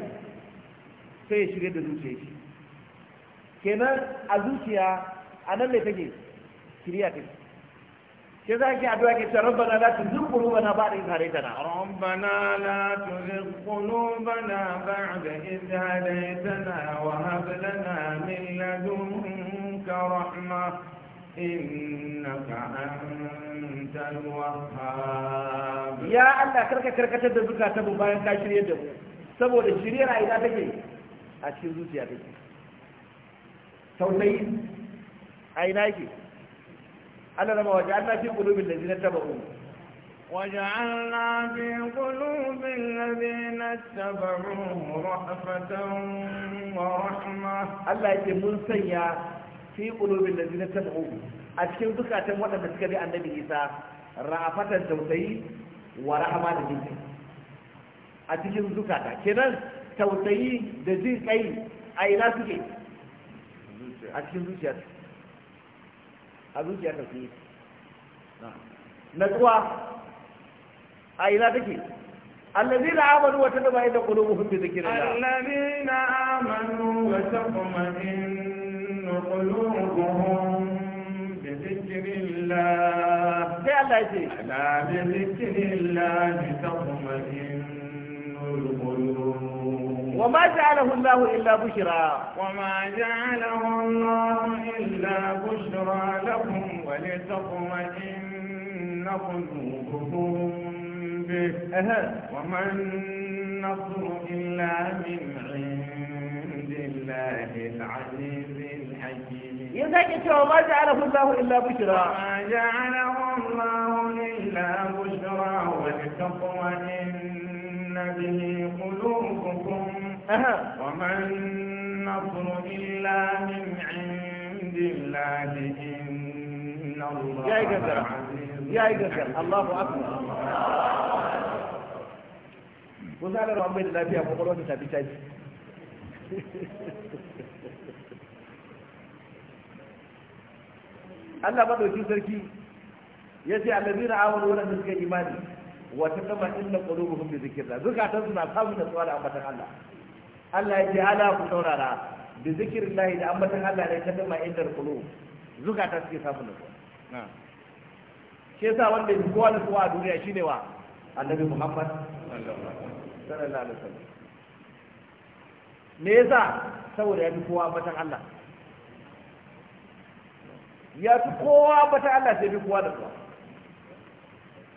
sai ya shirye da zuciya shi kenan a zuciya a nan ne take shirya take ke za ki addu'a ke ce rabbana la tuzigh qulubana ba'da idh hadaytana rabbana la tuzigh qulubana ba'da idh hadaytana wa hab lana min ladunka rahmah innaka antal wahhab ya Allah karka karkatar da zukatan mu bayan ka shirye da mu saboda shirye a da take a cikin zuciya take tausayi a ina yake Allah rama waje Allah fi qulubil ladina tabu وجعلنا في قلوب الذين اتبعوه رأفة ورحمة الله يتمنى سيئة fi qulubil ladina tabu a cikin zukatan waɗanda suka bi annabi Isa ra'afatan tausayi wa rahama da jin kai a cikin zukata kenan tausayi da jin kai a ina suke a cikin zuciya a zuciya ta suke natsuwa a ina take الذين آمنوا وتطمئن قلوبهم بذكر الله الذين آمنوا وتطمئن قلوبهم بذكر الله ألا بذكر الله تطمئن القلوب وما جعله الله إلا بشرى وما جعله الله إلا بشرى لهم ولتطمئن قلوبهم به وما النصر إلا من عند الله العزيز يزكي يتوى ما جعله الله إلا بشرى ما جعله الله إلا بشرى ولتطمئن به قلوبكم وما النصر إلا من عند الله إن الله يا يقدر يا يقدر الله أكبر وزعل رحمة الله فيها فقلوا تتابي *laughs* Allah madaukin sarki ya ce allazina amanu wadanda suka imani wa taqama inna qulubuhum bi zikrillah zukatan suna samun natsuwa da ambatan Allah Allah ya ce ala ku saurara bi zikrillah da ambatan Allah ne taqama inna qulub zukatan suke samun natsuwa na ke sa wanda ya kowa natsuwa a duniya shine wa annabi Muhammad sallallahu alaihi wasallam me yasa saboda ya fi kowa ambatan Allah ya fi kowa bata Allah sai bi kowa da kowa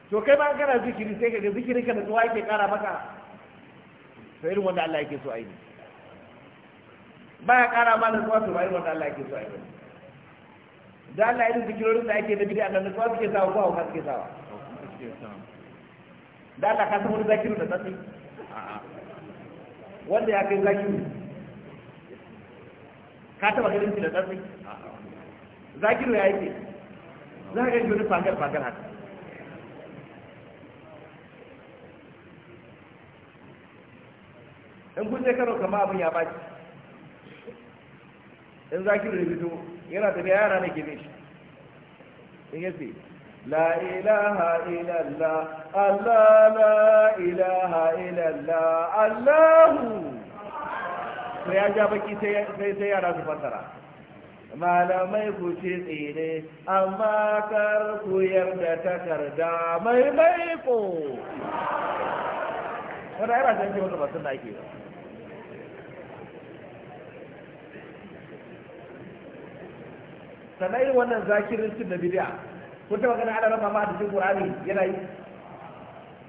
to kai ma kana zikiri sai ga zikirin ka da kowa yake kara maka to irin wanda Allah yake so a yi ya kara ma da kowa to ba irin wanda Allah yake so a yi da Allah irin zikirorin da ake da bid'a da kowa suke sawa kowa hauka suke sawa da Allah ka samu wani zakiru da tsatsi wanda ya kai zakiru ka taba ganin shi da tsatsi zagin ya yake za a yi wani fagar fagar haka in kun je karo kama abin ya baki in zagin ya fito yana da yara ne gine in ya ce La ilaha ilalla, Allah la ilaha ilalla, Allahu sai ya ja baki sai yara su fantara. malamai ku ci tsire amma kar ku yarda takarda mai maiko wanda yana jan wanda ba suna ke ba sannan irin wannan zakirin cin da bidiya kun taɓa ganin ana rama ma a cikin ƙur'ani yana yi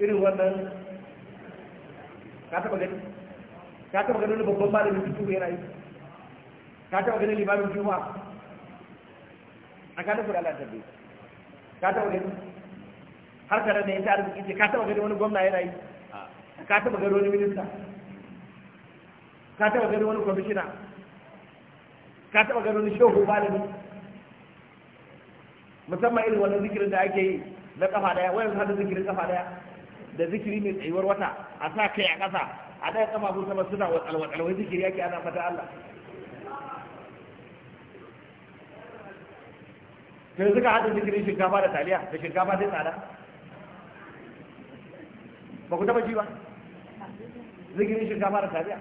irin wannan ka taɓa gani ka taɓa ganin babban malamin fito yana yi ka taɓa ganin limamin juma'a tsakanin ko da Allah tabbi ka taba gani har kare ne ita arziki ce ka taba gani wani gwamna yana yi ka taba gani wani minista ka taba gani wani kwamishina ka taba gani wani shehu malami musamman irin wannan zikirin da ake yi na kafa daya wayan hada zikirin kafa daya da zikiri mai tsayuwar wata a sa kai a kasa a daya kafa sama suna watsalwatsalwai zikiri yake ana fata Allah to yanzu ka haɗa zikirin shinkafa da taliya da shinkafa sai tsada ba ku taba ji ba zikirin shinkafa da taliya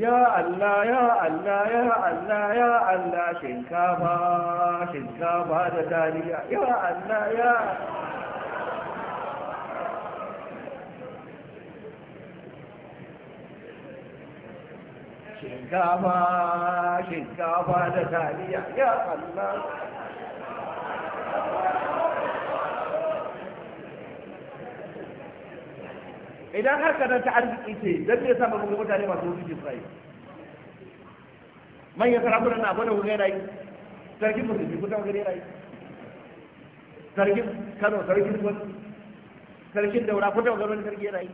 ya Allah ya Allah ya Allah ya Allah shinkafa shinkafa da taliya ya Allah ya Allah shinkafa shinkafa da taliya ya Allah idan har nan ta arziki ce don ne sa babu mutane masu wuce Isra'il manyan sarakunan na abuwa da kuma yana yi sarkin musulmi kusan gari yana yi sarkin kano sarkin wani sarkin daura kusan gari sarki yana yi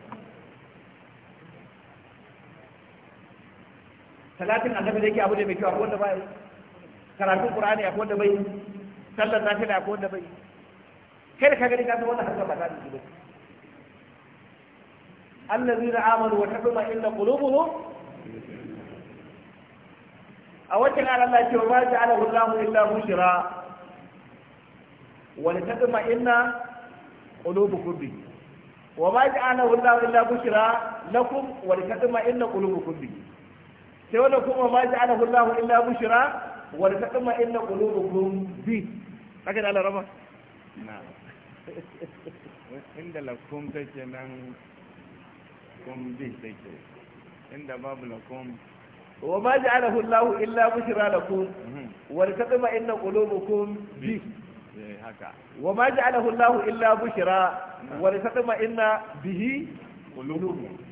salatin annabi da ke abu da mai kyau akwai wanda bai karatun qur'ani akwai wanda bai sallar nafila akwai wanda bai kai da ka gani ka san wannan harkar ba ta da ba الذين آمنوا وتطمئن قلوبهم أوجه على الله وما جعله الله إلا بشرى ولتطمئن قلوبكم به وما جعله الله إلا بشرى لكم ولتطمئن قلوبكم bi? sai wannan kuma ma ji ana hullahu illa bushra wani la taqma inna qulubukum bi haka da Allah Na na'am inda lakum take nan kum bi take inda babu lakum wa ma ja'alahu Allah illa bushra lakum mhm. wani taqma inna qulubukum bi eh, haka wa ma ja'alahu Allah illa bushra wani taqma inna bihi qulubukum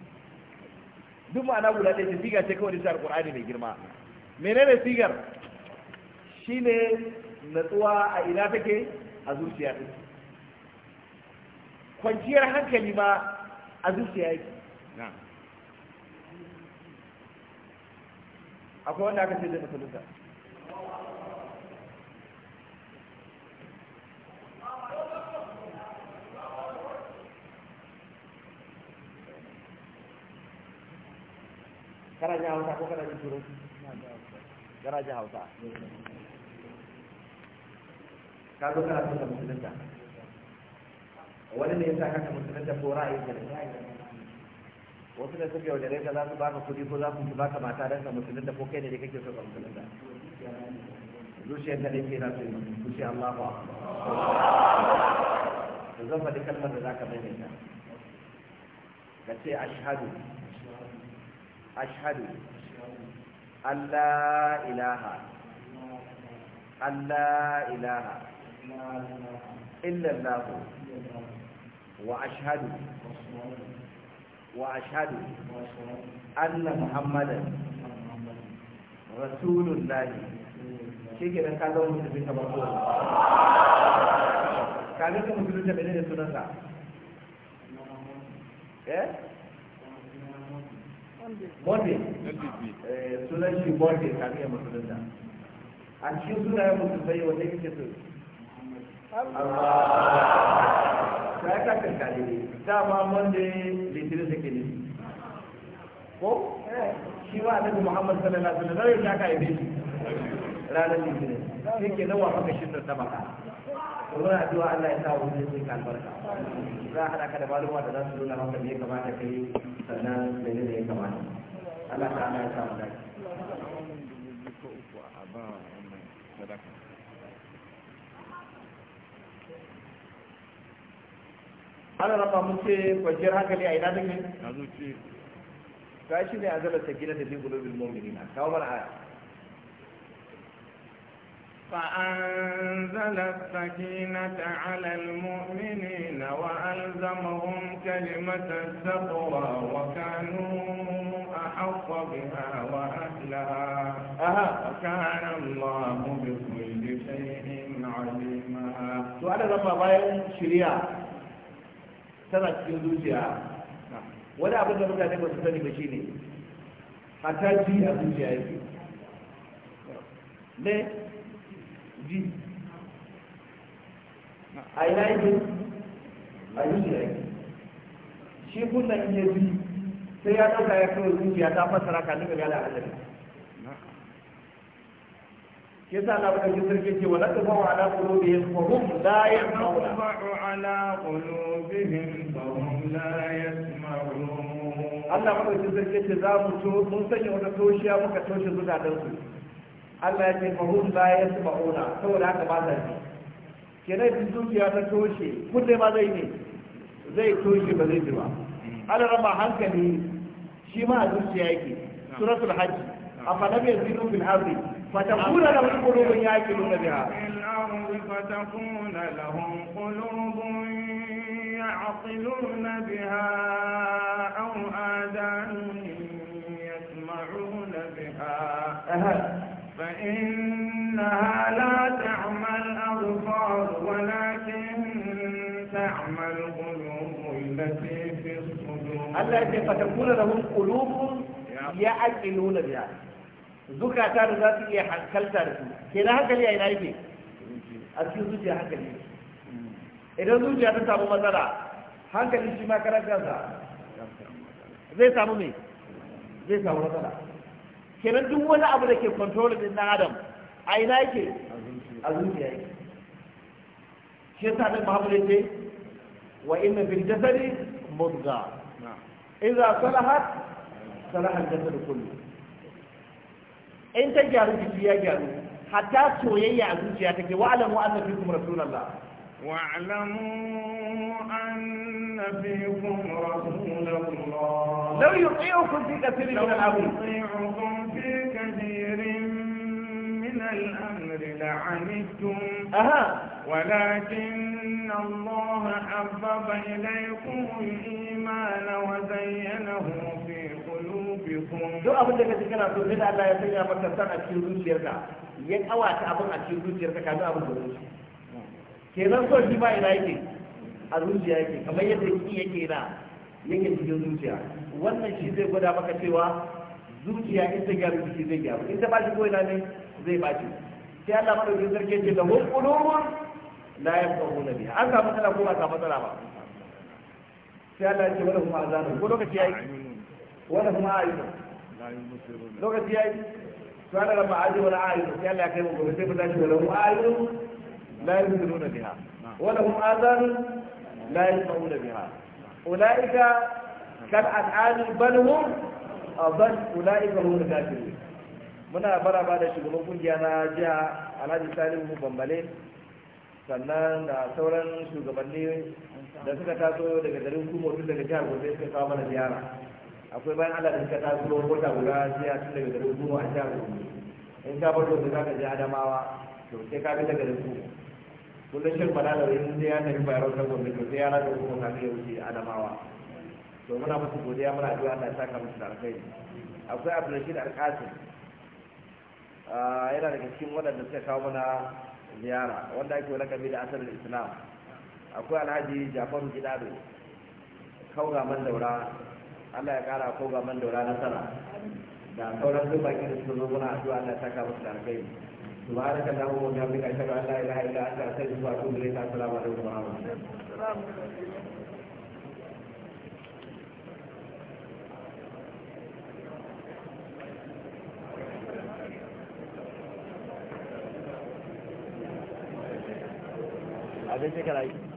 duk ma'ana guda ɗaya ce siga ce kawai da alƙur'ani mai girma menene sigar shine natsuwa a ina take a zuciya ɗin kwanciyar hankali ma a zuciya yake akwai wanda aka ce zai musulunta kana jin hausa ko kana jin turanci kana jin hausa ka zo kana son musulunta wani ne ya sa kaka musulunta ko ra'ayin ka wasu da suka wajen ka za su ba baka kuɗi ko za su baka mata don ka musulunta ko kai ne da kake so ka musulunta zuciyar da ɗin ke na su yi zuciya Allah ba Ka zama da kalmar da za ka maimaita ka ce ashhadu ashhadu an la ilaha an la wa ashhadu wa ashhadu anna muhammadan rasulullahi shi ke da kazan musulmi ta bako kazan musulmi sunansa Monday eh, sunan shi Monday kafin ya musulunta a cikin sunayen musulmai wanda yake so Allah ya ka kankare ne dama Monday litinin da ke nufi ko shi ma annabi muhammadu sallallahu alaihi wasallam ya ka yi ranar litinin sai ke nawa maka shirin da maka kuma na addu'a Allah ya sa wani sai ka albarka za a haɗa ka da maluma da za su nuna maka me ya kamata ka yi sannan da ne da ya kamata Allah ta hana ya sa mu ana rafa mun ce kwanciyar hankali a ina duk ne? zuci shi ne a zalata gina da zingulobin mominina kawo mana aya فأنزل السكينة على المؤمنين وألزمهم كلمة الزبرى وكانوا أحق بها وأهلها وكان الله بكل شيء عليما سؤال لما باين شريعة سنة كندوزيا ولا أبدا مدى نبغى سنة بشيني حتى جي أبو جايبي ne ji a ina ne a yi? yake shi na iya bi sai ya ɗauka ya kawo zuciya ta fassara ka nuna gada a lalata ke sa na bakin sarki ce wala ta bawa ala da fa hum la yasma'una ala qulubihim fa hum la yasma'un Allah madaukakin sarki ce za mu to mun sanya wata toshiya muka toshe zukatansu Allah ya ce fahim bayan su ba'una saboda haka ba za ne kenan duk dukiya ta toshe kunne ma zai ne zai toshe ba zai ji ba Allah rama hankali shi ma a zuciya yake suratul hajj afalam yazidu fil ardi فتكون لهم قلوب يعقلون بها فتكون لهم قلوب يعقلون بها أو آذان يسمعون بها إنها لا تعمى الأبصار ولكن تعمى القلوب التي في الصدور الله فتكون لهم قلوب يعقلون بها zukata da za su iya hankalta da su ke na hankali a ina yake a cikin zuciya hankali idan zuciya ta samu matsala hankali shi ma karantarsa zai samu me zai samu matsala kenan duk wani abu da ke control din dan adam a ina yake a zuciya yake shi yasa da Muhammad yace wa inna bil jasadi mudga idza salahat salaha al-jasad kullu in ta gyaru jiki ya gyaru hatta soyayya a zuciya take wa alamu anna fikum rasulullah wa alamu anna fikum rasulullah law yuti'ukum fi kathirin min al-amri في كثير من الأمر لعنتم ولكن الله حبب إليكم الإيمان وزينه في قلوبكم duk abin da kake kana so da Allah ya sanya maka san a cikin zuciyarka ya kawata abin a cikin zuciyarka ka abin da zuci kenan so ina yake a zuciya yake kamar yadda ki yake na yake cikin zuciya wannan shi zai gwada maka cewa zuciya in ta gyaru jiki zai in ta bashi koyi ne zai bashi sai Allah madaukakin sarki ce da hum la yafqahuna biha an samu matsala ko ba samu matsala ba sai Allah ya ce wala hum azanun ko lokaci yayi wala hum ayun lokaci yayi to Allah ba aji wala ayun sai Allah ya kai mu gobe sai mu tashi wala hum ayun la yafqahuna biha wala hum azanun la yafqahuna biha ulaika kal an'ami bal hum abdan ula'ika hum al-kafirun muna ba da shugaban kungiya na jiya Alhaji Salihu Bambale sannan da sauran shugabanni da suka taso daga garin Kumo tun daga jihar Gombe suka kawo mana ziyara akwai bayan Allah da suka taso mota guda jiya tun daga garin Kumo a jihar Gombe in ka bar Gombe za ka je Adamawa to sai ka bi daga garin Kumo kullum shin fada da wani ya tafi bayar da Gombe to sai ya rasa Kumo kafin ya wuce Adamawa to muna musu godiya muna ji Allah ya saka musu da alkhairi akwai Abdulrashid Alkasim yana daga cikin waɗanda suka kawo mana ziyara wanda ake wani kami da asalin Islam akwai Alhaji Jafaru Gidado kauga man daura Allah ya kara kauga man daura nasara da sauran duk baki da suka zo muna addu'a Allah ya saka musu da alkhairi سبحانك اللهم وبحمدك اشهد ان a اله الا انت استغفرك واتوب اليك السلام عليكم ورحمه الله ƙarshe ka rayu